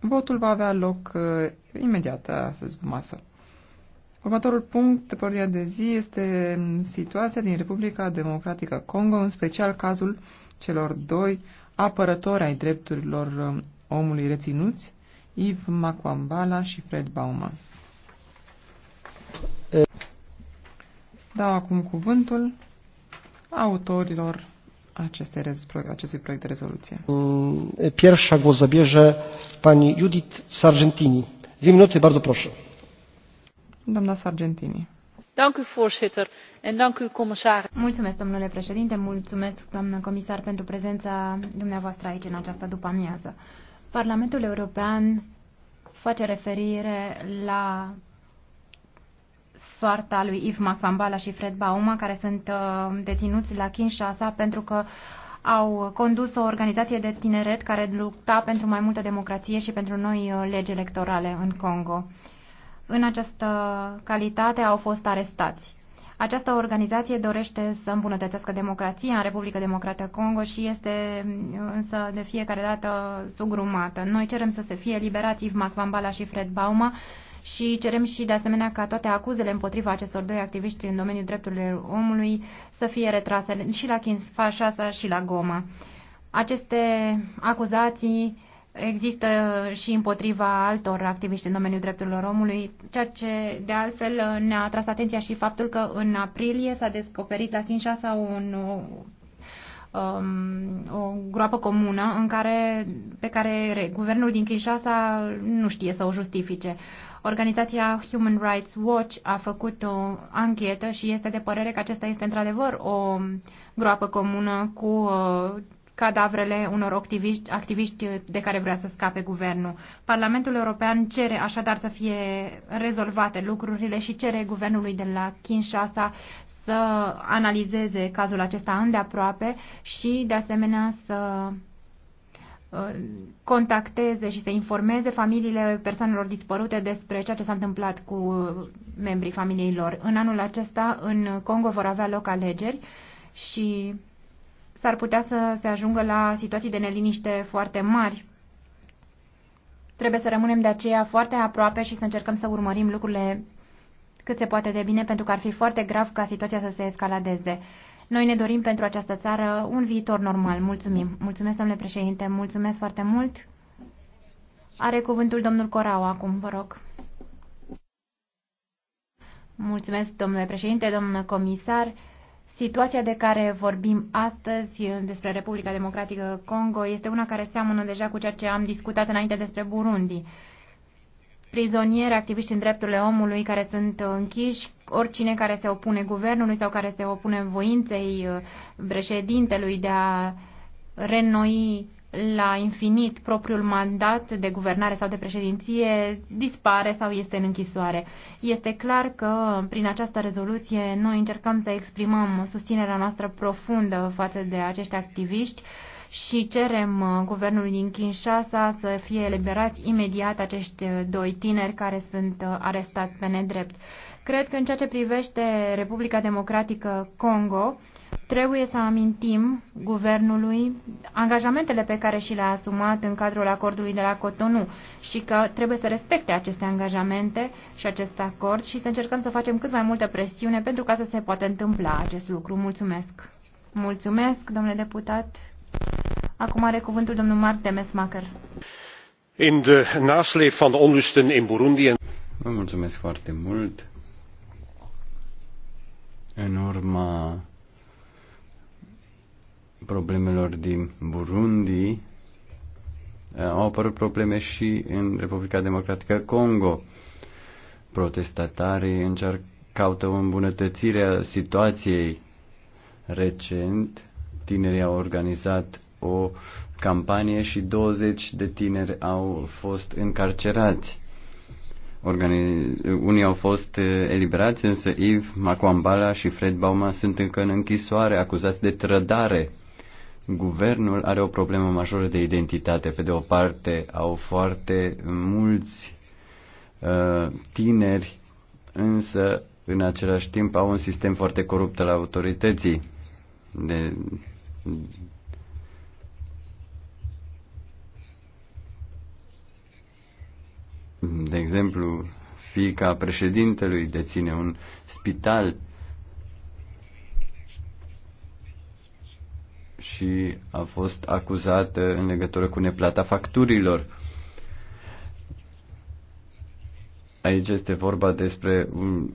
Votul va avea loc uh, imediat astăzi cu masă. Următorul punct de ordinea de zi este situația din Republica Democratică Congo, în special cazul celor doi apărători ai drepturilor um, omului reținuți, Yves Makwambala și Fred Bauman. Dau acum cuvântul autorilor acestei, acestui proiect de rezoluție. Mm, pierwsza głos zabierze pani Judith Sargentini. Dwie minuty, bardzo proszę. Doamna Sargentini. Mulțumesc, domnule președinte, mulțumesc, doamnă comisar, pentru prezența dumneavoastră aici în această după-amiază. Parlamentul European face referire la soarta lui Yves Macfambala și Fred Bauma, care sunt uh, deținuți la Kinshasa pentru că au condus o organizație de tineret care lupta pentru mai multă democrație și pentru noi uh, legi electorale în Congo. În această calitate au fost arestați. Această organizație dorește să îmbunătățească democrația în Republica Democrată Congo și este uh, însă de fiecare dată sugrumată. Noi cerem să se fie eliberați Yves Macvambala și Fred Bauma și cerem și de asemenea ca toate acuzele împotriva acestor doi activiști în domeniul drepturilor omului să fie retrase și la Kinshasa și la Goma. Aceste acuzații există și împotriva altor activiști în domeniul drepturilor omului, ceea ce de altfel ne-a atras atenția și faptul că în aprilie s-a descoperit la Kinshasa un, um, o groapă comună în care, pe care guvernul din Kinshasa nu știe să o justifice. Organizația Human Rights Watch a făcut o anchetă și este de părere că acesta este într-adevăr o groapă comună cu uh, cadavrele unor activiști, activiști de care vrea să scape guvernul. Parlamentul European cere așadar să fie rezolvate lucrurile și cere guvernului de la Kinshasa să analizeze cazul acesta îndeaproape și de asemenea să Uh, contacteze și să informeze familiile persoanelor dispărute despre ceea ce s-a întâmplat cu membrii familiei lor. În anul acesta, în Congo vor avea loc alegeri și s-ar putea să se ajungă la situații de neliniște foarte mari. Trebuie să rămânem de aceea foarte aproape și să încercăm să urmărim lucrurile cât se poate de bine, pentru că ar fi foarte grav ca situația să se escaladeze. Noi ne dorim pentru această țară un viitor normal. Mulțumim. Mulțumesc, domnule președinte. Mulțumesc foarte mult. Are cuvântul domnul Corau acum, vă rog. Mulțumesc, domnule președinte, domnule comisar. Situația de care vorbim astăzi despre Republica Democratică Congo este una care seamănă deja cu ceea ce am discutat înainte despre Burundi prizonieri, activiști în drepturile omului care sunt închiși, oricine care se opune guvernului sau care se opune voinței uh, președintelui de a renoi la infinit propriul mandat de guvernare sau de președinție dispare sau este în închisoare. Este clar că prin această rezoluție noi încercăm să exprimăm susținerea noastră profundă față de acești activiști și cerem uh, guvernului din Kinshasa să fie eliberați imediat acești uh, doi tineri care sunt uh, arestați pe nedrept. Cred că în ceea ce privește Republica Democratică Congo, trebuie să amintim guvernului angajamentele pe care și le-a asumat în cadrul acordului de la Cotonou și că trebuie să respecte aceste angajamente și acest acord și să încercăm să facem cât mai multă presiune pentru ca să se poată întâmpla acest lucru. Mulțumesc! Mulțumesc, domnule deputat Acum are cuvântul domnul Mark Demesmacher. In de nasleep van de onlusten in Burundi... Vă mulțumesc foarte mult. În urma problemelor din Burundi, eh, au apărut probleme și în Republica Democratică Congo. Protestatarii încearcă caută o îmbunătățire a situației recent tinerii au organizat o campanie și 20 de tineri au fost încarcerați. Organiz... Unii au fost eh, eliberați, însă Yves Macuambala și Fred Bauma sunt încă în închisoare, acuzați de trădare. Guvernul are o problemă majoră de identitate. Pe de o parte, au foarte mulți uh, tineri, însă în același timp au un sistem foarte corupt al autorității. De, de exemplu, fiica președintelui deține un spital și a fost acuzată în legătură cu neplata facturilor. Aici este vorba despre un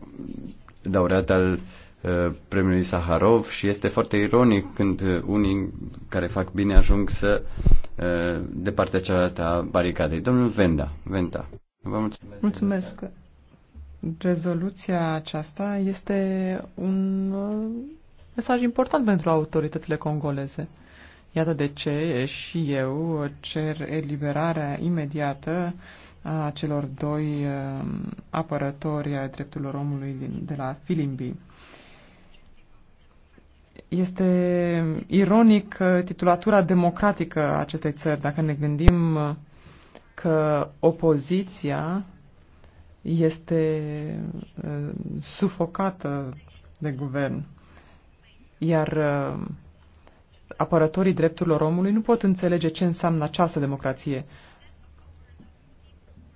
laureat al Uh, premiului Saharov și este foarte ironic când unii care fac bine ajung să uh, de partea cealaltă a baricadei. Domnul Venda, Venda. vă mulțumesc. Mulțumesc. Rezoluția aceasta este un uh, mesaj important pentru autoritățile congoleze. Iată de ce și eu cer eliberarea imediată a celor doi apărători ai drepturilor omului din, de la Filimbi. Este ironic uh, titulatura democratică a acestei țări, dacă ne gândim uh, că opoziția este uh, sufocată de guvern, iar apărătorii drepturilor omului nu pot înțelege ce înseamnă această democrație.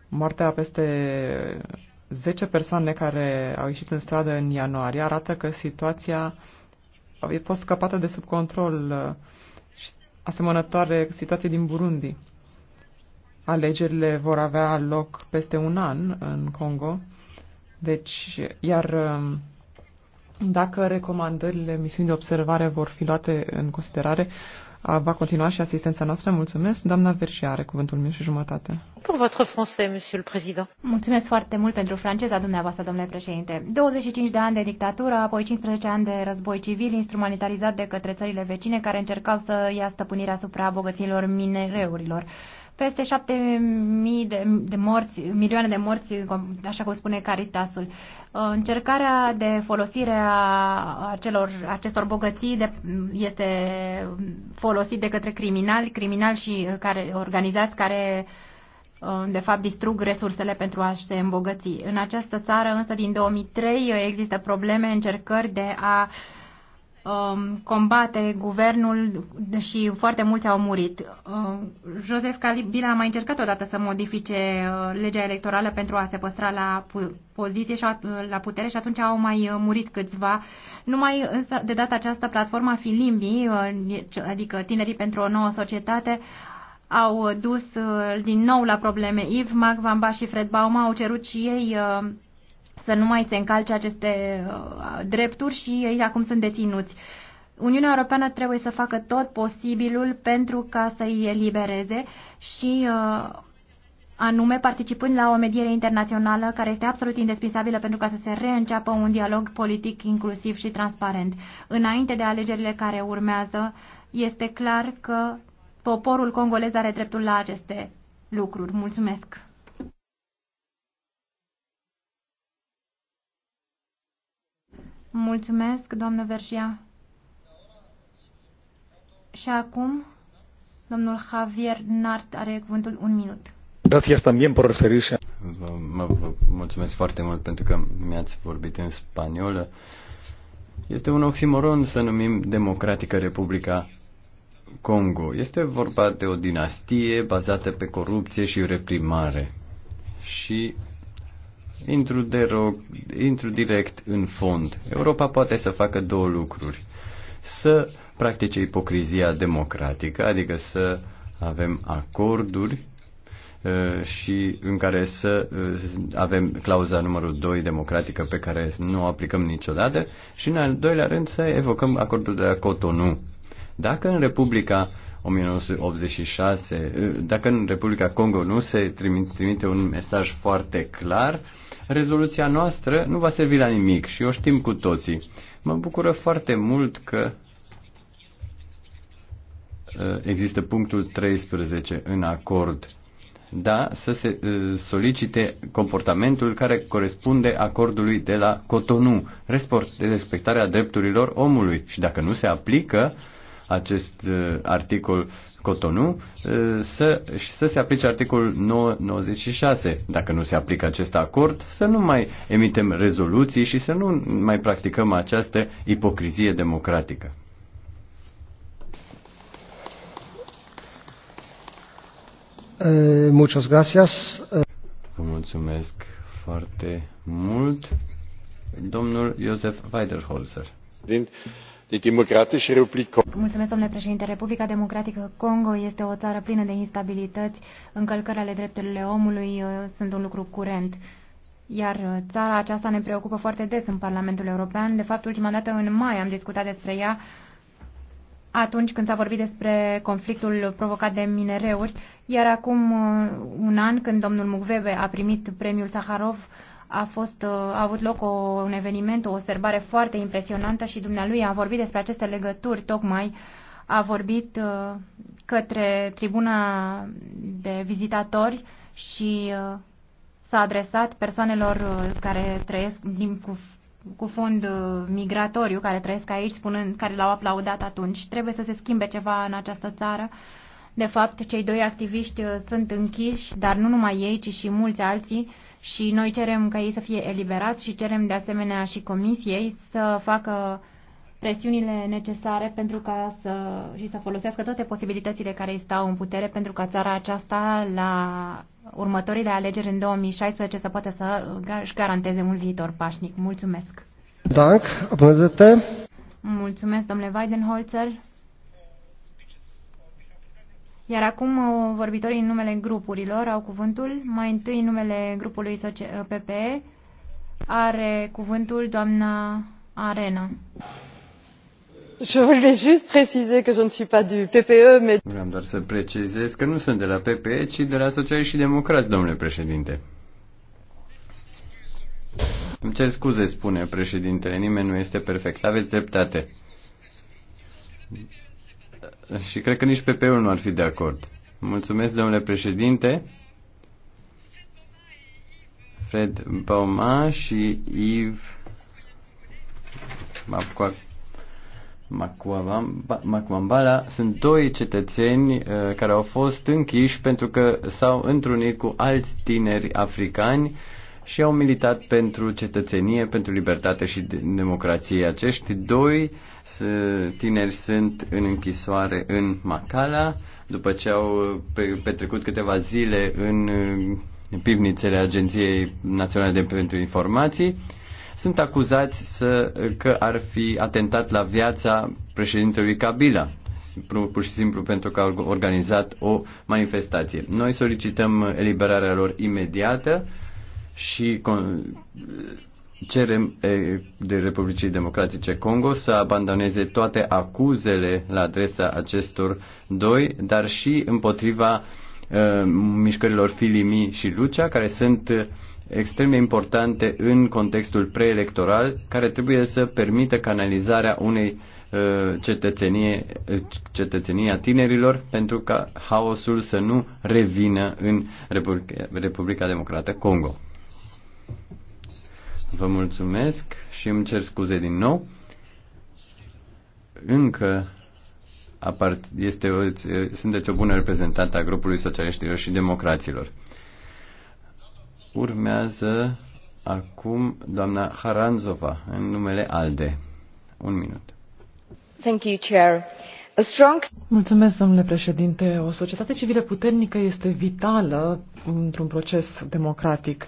Moartea peste 10 persoane care au ieșit în stradă în ianuarie arată că situația a fost scăpată de sub control uh, asemănătoare situației din Burundi. Alegerile vor avea loc peste un an în Congo, deci, iar um, dacă recomandările misiunii de observare vor fi luate în considerare, va continua și asistența noastră. Mulțumesc. Doamna Verșia are cuvântul meu și jumătate. Pour votre français, monsieur le président. Mulțumesc foarte mult pentru franceza dumneavoastră, domnule președinte. 25 de ani de dictatură, apoi 15 ani de război civil instrumentalizat de către țările vecine care încercau să ia stăpânirea asupra bogăților minereurilor peste 7.000 de, de morți, milioane de morți, așa cum spune Caritasul. Uh, încercarea de folosire a acelor, acestor bogății de, este folosit de către criminali, criminali și uh, care organizați care uh, de fapt distrug resursele pentru a se îmbogăți. În această țară, însă, din 2003 există probleme, încercări de a uh, Um, combate guvernul și foarte mulți au murit. Josef uh, Joseph Calibila a mai încercat odată să modifice uh, legea electorală pentru a se păstra la poziție și uh, la putere și atunci au mai murit câțiva. Numai însă de data aceasta platforma Filimbi, adică Tinerii pentru o nouă societate, au dus din nou la probleme. Yves Mac Vamba și Fred Bauma au cerut și ei să nu mai se încalce aceste uh, drepturi și ei acum sunt deținuți. Uniunea Europeană trebuie să facă tot posibilul pentru ca să îi elibereze și uh, anume participând la o mediere internațională care este absolut indispensabilă pentru ca să se reînceapă un dialog politic inclusiv și transparent. Înainte de alegerile care urmează, este clar că poporul congolez are dreptul la aceste lucruri. Mulțumesc! Mulțumesc, doamnă Vergia. Și acum, domnul Javier Nart are cuvântul un minut. Gracias también por referirse. vă mulțumesc foarte mult pentru că mi-ați vorbit în spaniolă. Este un oximoron să numim Democratică Republica Congo. Este vorba de o dinastie bazată pe corupție și reprimare. Și Intru, de rog, intru direct în fond. Europa poate să facă două lucruri. Să practice ipocrizia democratică, adică să avem acorduri uh, și în care să uh, avem clauza numărul 2 democratică pe care nu o aplicăm niciodată și în al doilea rând să evocăm acordul de la Cotonou. Dacă în Republica 1986, uh, dacă în Republica Congo nu se trimite un mesaj foarte clar, rezoluția noastră nu va servi la nimic și o știm cu toții. Mă bucură foarte mult că uh, există punctul 13 în acord. Da, să se uh, solicite comportamentul care corespunde acordului de la Cotonou, respectarea drepturilor omului și dacă nu se aplică, acest uh, articol Cotonou uh, să, să se aplice articolul 996. Dacă nu se aplică acest acord, să nu mai emitem rezoluții și să nu mai practicăm această ipocrizie democratică. Eh, muchas gracias. Eh, Vă mulțumesc foarte mult. Domnul Iosef Weiderholzer. Din domnule președinte republica democratică congo este o țară plină de instabilități încălcări ale drepturilor omului uh, sunt un lucru curent iar uh, țara aceasta ne preocupă foarte des în parlamentul european de fapt ultima dată în mai am discutat despre ea atunci când s-a vorbit despre conflictul provocat de minereuri, iar acum uh, un an când domnul Mugvebe a primit premiul Saharov, a, fost, uh, a avut loc o, un eveniment, o serbare foarte impresionantă și dumnealui a vorbit despre aceste legături tocmai a vorbit uh, către tribuna de vizitatori și s-a adresat persoanelor care trăiesc din, cu cu fond uh, migratoriu care trăiesc aici, spunând, care l-au aplaudat atunci. Trebuie să se schimbe ceva în această țară. De fapt, cei doi activiști uh, sunt închiși, dar nu numai ei, ci și mulți alții și noi cerem ca ei să fie eliberați și cerem de asemenea și comisiei să facă presiunile necesare pentru ca să, și să folosească toate posibilitățile care îi stau în putere pentru ca țara aceasta la următorile alegeri în 2016 să poată să își garanteze un viitor pașnic. Mulțumesc! Dank, Mulțumesc, domnule Weidenholzer. Iar acum uh, vorbitorii în numele grupurilor au cuvântul. Mai întâi în numele grupului PPE uh, are cuvântul doamna Arena. Je voulais juste préciser que je ne suis pas du PPE, mais... Vreau doar să precizez că nu sunt de la PPE, ci de la Socialiști și Democrați, domnule președinte. Îmi cer scuze, spune președintele, nimeni nu este perfect. Aveți dreptate. Și cred că nici PP-ul nu ar fi de acord. Mulțumesc, domnule președinte. Fred Bauma și Yves Mapcoac Macuambala sunt doi cetățeni uh, care au fost închiși pentru că s-au întrunit cu alți tineri africani și au militat pentru cetățenie, pentru libertate și democrație. Acești doi tineri sunt în închisoare în Macala, după ce au uh, petrecut câteva zile în uh, pivnițele Agenției Naționale de pentru Informații sunt acuzați să, că ar fi atentat la viața președintelui Kabila pur și simplu pentru că au organizat o manifestație. Noi solicităm eliberarea lor imediată și cerem de Republicii Democratice Congo să abandoneze toate acuzele la adresa acestor doi, dar și împotriva uh, mișcărilor Filimi și Lucea, care sunt extrem de importante în contextul preelectoral, care trebuie să permită canalizarea unei uh, cetățenie, uh, cetățenia tinerilor pentru ca haosul să nu revină în Republica, Republica Democrată Congo. Vă mulțumesc și îmi cer scuze din nou. Încă apart, este o, sunteți o bună reprezentantă a grupului socialiștilor și democraților. Urmează acum doamna Haranzova, în numele ALDE. Un minut. Thank you, Chair. A strong... Mulțumesc, domnule președinte. O societate civilă puternică este vitală într-un proces democratic.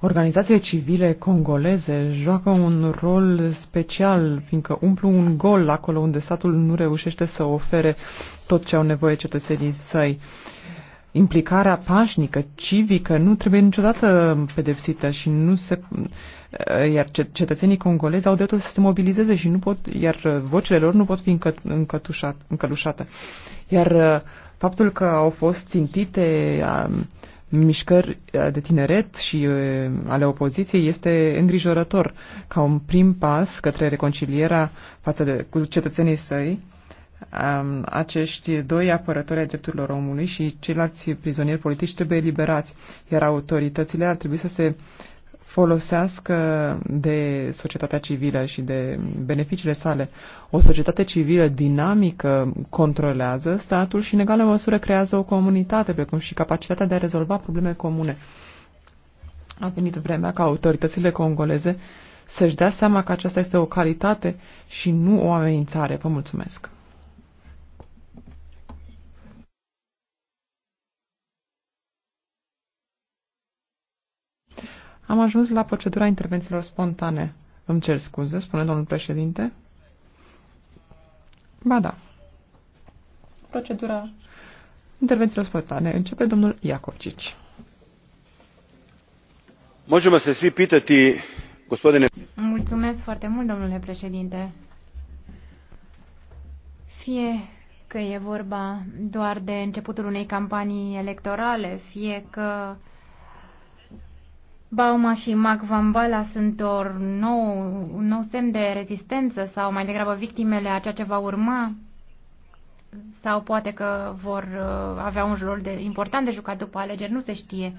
Organizațiile civile congoleze joacă un rol special, fiindcă umplu un gol acolo unde statul nu reușește să ofere tot ce au nevoie cetățenii săi. Uh, implicarea pașnică, civică, nu trebuie niciodată pedepsită și nu se... Iar cetățenii congolezi au dreptul să se mobilizeze și nu pot... Iar vocile lor nu pot fi încă, încătușat, încălușate. Iar uh, faptul că au fost țintite um, mișcări uh, de tineret și uh, ale opoziției este îngrijorător ca un prim pas către reconcilierea față de, cu cetățenii săi acești doi apărători ai drepturilor omului și ceilalți prizonieri politici trebuie eliberați, iar autoritățile ar trebui să se folosească de societatea civilă și de beneficiile sale. O societate civilă dinamică controlează statul și în egală măsură creează o comunitate, precum și capacitatea de a rezolva probleme comune. A venit vremea ca autoritățile congoleze să-și dea seama că aceasta este o calitate și nu o amenințare. Vă mulțumesc! Am ajuns la procedura intervențiilor spontane. Îmi cer scuze, spune domnul președinte. Ba da. Procedura intervențiilor spontane. Începe domnul Iacovcici. Mă să svi pitati, gospodine... Mulțumesc foarte mult, domnule președinte. Fie că e vorba doar de începutul unei campanii electorale, fie că Bauma și Mac Van Bala sunt or nou, un nou semn de rezistență sau mai degrabă victimele a ceea ce va urma sau poate că vor uh, avea un rol de, important de jucat după alegeri, nu se știe.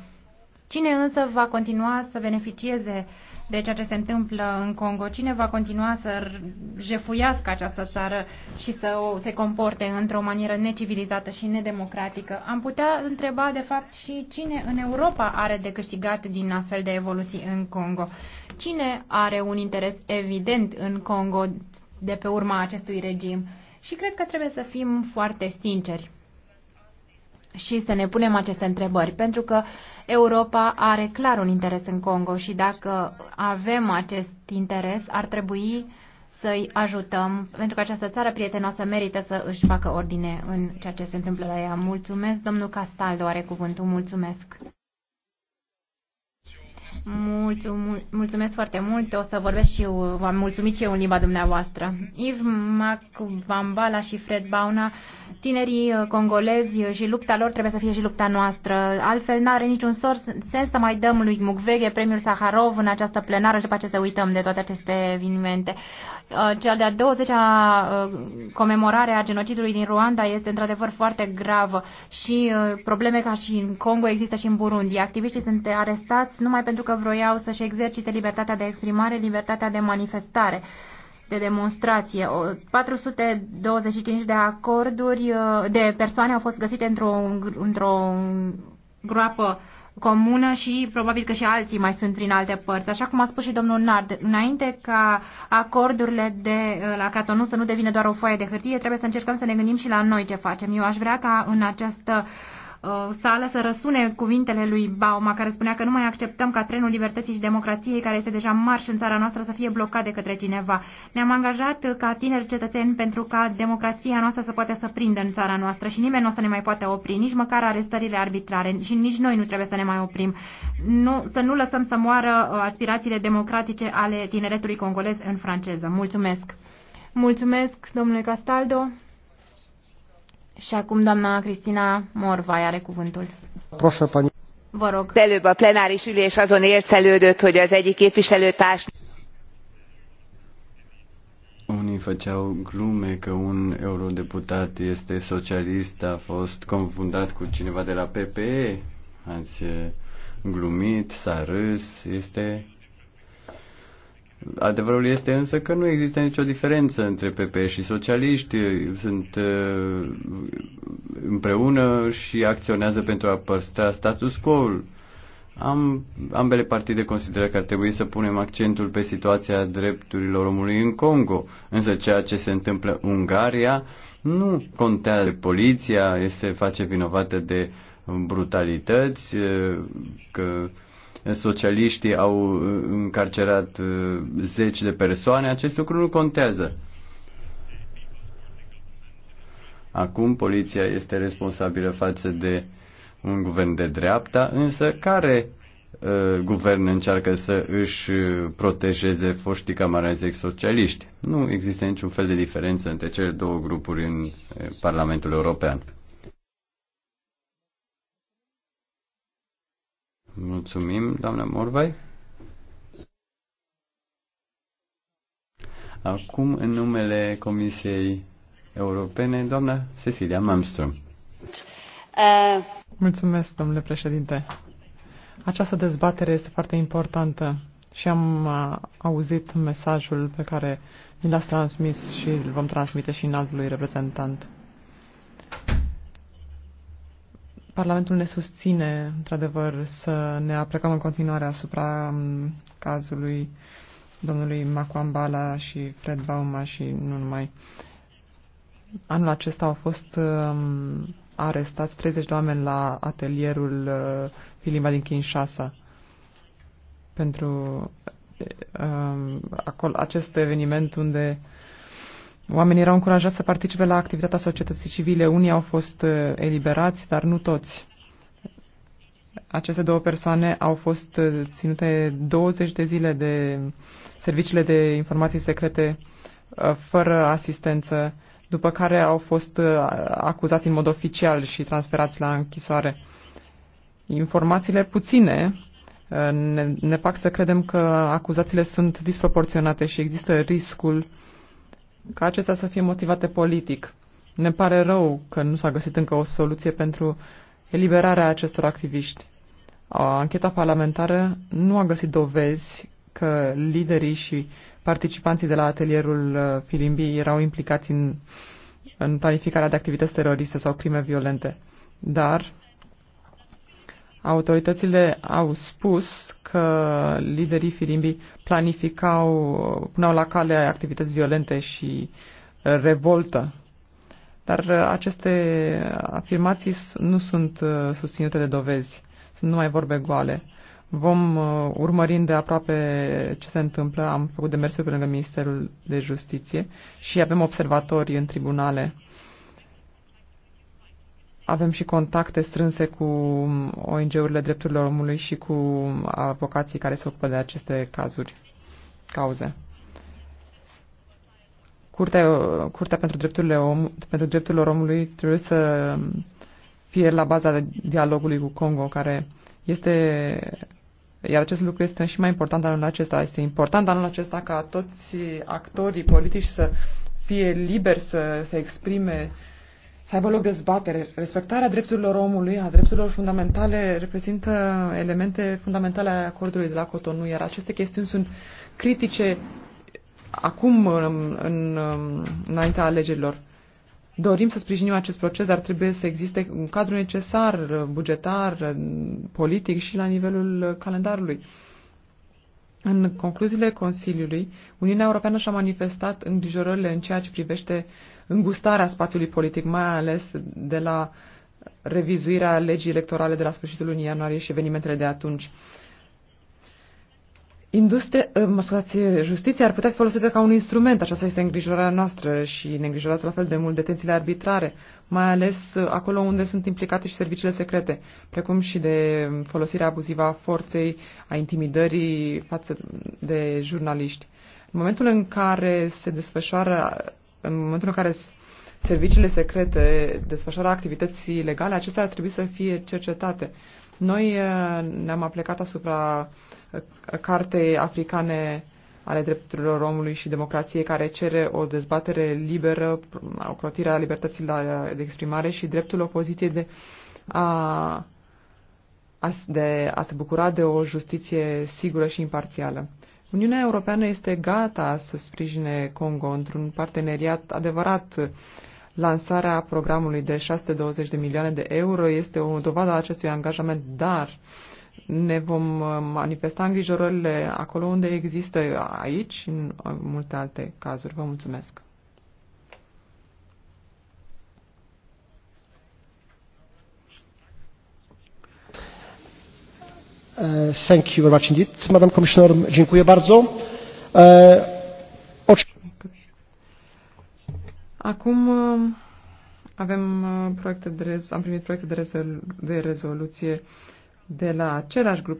Cine însă va continua să beneficieze de ceea ce se întâmplă în Congo? Cine va continua să jefuiască această țară și să o se comporte într-o manieră necivilizată și nedemocratică? Am putea întreba, de fapt, și cine în Europa are de câștigat din astfel de evoluții în Congo? Cine are un interes evident în Congo de pe urma acestui regim? Și cred că trebuie să fim foarte sinceri și să ne punem aceste întrebări, pentru că Europa are clar un interes în Congo și dacă avem acest interes, ar trebui să-i ajutăm, pentru că această țară prietenoasă merită să își facă ordine în ceea ce se întâmplă la ea. Mulțumesc, domnul Castaldo are cuvântul, mulțumesc mulțumesc, mulțumesc foarte mult. O să vorbesc și eu, v-am mulțumit și eu în limba dumneavoastră. Yves Mac Bambala și Fred Bauna, tinerii uh, congolezi uh, și lupta lor trebuie să fie și lupta noastră. Altfel n-are niciun sens să mai dăm lui Mukwege premiul Saharov în această plenară și după ce să uităm de toate aceste evenimente. Uh, cea de-a 20-a uh, comemorare a genocidului din Ruanda este într-adevăr foarte gravă și uh, probleme ca și în Congo există și în Burundi. Activiștii sunt arestați numai pentru că vroiau să-și exercite libertatea de exprimare, libertatea de manifestare de demonstrație. 425 de acorduri de persoane au fost găsite într-o într, -o, groapă comună și probabil că și alții mai sunt prin alte părți. Așa cum a spus și domnul Nard, înainte ca acordurile de uh, la Catonu să nu devină doar o foaie de hârtie, trebuie să încercăm să ne gândim și la noi ce facem. Eu aș vrea ca în această uh, Uh, sală să răsune cuvintele lui Bauma, care spunea că nu mai acceptăm ca trenul libertății și democrației, care este deja marș în țara noastră, să fie blocat de către cineva. Ne-am angajat uh, ca tineri cetățeni pentru ca democrația noastră să poată să prindă în țara noastră și nimeni nu o să ne mai poate opri, nici măcar arestările arbitrare și nici noi nu trebuie să ne mai oprim. Nu, să nu lăsăm să moară uh, aspirațiile democratice ale tineretului congolez în franceză. Mulțumesc! Mulțumesc, domnule Castaldo! Și acum doamna Cristina Morvai are cuvântul. Proșă, pani. Vă rog. Előbb a plenáris ülés azon ércelődött, hogy az egyik képviselőtárs unii făceau glume că un eurodeputat este socialist, a fost confundat cu cineva de la PPE. Ați glumit, s-a râs, este Adevărul este însă că nu există nicio diferență între PP și socialiști. Sunt uh, împreună și acționează pentru a păstra status quo-ul. Am, ambele partide consideră că ar trebui să punem accentul pe situația drepturilor omului în Congo, însă ceea ce se întâmplă în Ungaria nu contează. Poliția este face vinovată de brutalități, uh, că socialiștii au uh, încarcerat uh, zeci de persoane, acest lucru nu contează. Acum poliția este responsabilă față de un guvern de dreapta, însă care uh, guvern încearcă să își uh, protejeze foștii camarazi socialiști? Nu există niciun fel de diferență între cele două grupuri în Parlamentul European. Mulțumim, doamna Morvai. Acum, în numele Comisiei Europene, doamna Cecilia Malmström. Mulțumesc, domnule președinte. Această dezbatere este foarte importantă și am uh, auzit mesajul pe care ni l-ați transmis și îl vom transmite și în altului reprezentant. Parlamentul ne susține, într-adevăr, să ne aplicăm în continuare asupra um, cazului domnului Macuambala și Fred Bauma și nu numai. Anul acesta au fost um, arestați 30 de oameni la atelierul uh, Filima din Kinshasa pentru um, acolo, acest eveniment unde Oamenii erau încurajați să participe la activitatea societății civile. Unii au fost uh, eliberați, dar nu toți. Aceste două persoane au fost uh, ținute 20 de zile de serviciile de informații secrete uh, fără asistență, după care au fost acuzați în mod oficial și transferați la închisoare. Informațiile puține ne, ne fac să credem că acuzațiile sunt disproporționate și există riscul ca acestea să fie motivate politic. Ne pare rău că nu s-a găsit încă o soluție pentru eliberarea acestor activiști. Ancheta parlamentară nu a găsit dovezi că liderii și participanții de la atelierul uh, Filimbi erau implicați în, în planificarea de activități teroriste sau crime violente. Dar autoritățile au spus că liderii firimbii planificau, puneau la cale activități violente și revoltă. Dar aceste afirmații nu sunt uh, susținute de dovezi, sunt numai vorbe goale. Vom uh, urmări de aproape ce se întâmplă, am făcut demersuri pe lângă Ministerul de Justiție și avem observatori în tribunale avem și contacte strânse cu ONG-urile drepturilor omului și cu avocații care se ocupă de aceste cazuri, cauze. Curtea, Curtea pentru, drepturile om, pentru drepturile omului trebuie să fie la baza dialogului cu Congo, care este iar acest lucru este și mai important anul acesta. Este important anul acesta ca toți actorii politici să fie liberi să se exprime uh, să aibă loc dezbatere. Respectarea drepturilor omului, a drepturilor fundamentale, reprezintă elemente fundamentale ale acordului de la Cotonou, iar aceste chestiuni sunt critice acum, în, în, înaintea alegerilor. Dorim să sprijinim acest proces, dar trebuie să existe un cadru necesar, bugetar, politic și la nivelul calendarului. În concluziile Consiliului, Uniunea Europeană și-a manifestat îngrijorările în ceea ce privește îngustarea spațiului politic, mai ales de la revizuirea legii electorale de la sfârșitul lunii ianuarie și evenimentele de atunci. Industria, eh, mă scuzați, justiția ar putea fi folosită ca un instrument, așa este îngrijorarea noastră și ne îngrijorează la fel de mult detențiile arbitrare, mai ales eh, acolo unde sunt implicate și serviciile secrete, precum și de folosirea abuzivă a forței, a intimidării față de jurnaliști. În momentul în care se desfășoară, în momentul în care serviciile secrete desfășoară activități ilegale, acestea ar trebui să fie cercetate. Noi eh, ne-am aplicat asupra eh, cartei africane ale drepturilor omului și democrației, care cere o dezbatere liberă, o a libertății eh, de exprimare și dreptul opoziției de a, a, de a se bucura de o justiție sigură și imparțială. Uniunea Europeană este gata să sprijine Congo într-un parteneriat adevărat Lansarea programului de 620 de milioane de euro este o dovadă a acestui angajament, dar ne vom uh, manifesta îngrijorările acolo unde există aici, în uh, multe alte cazuri. Vă mulțumesc! Uh, thank you very much indeed, Madam Commissioner. Dziękuję bardzo. Acum uh, avem uh, proiecte de rez- am primit proiecte de, rezol- de rezoluție de la același grup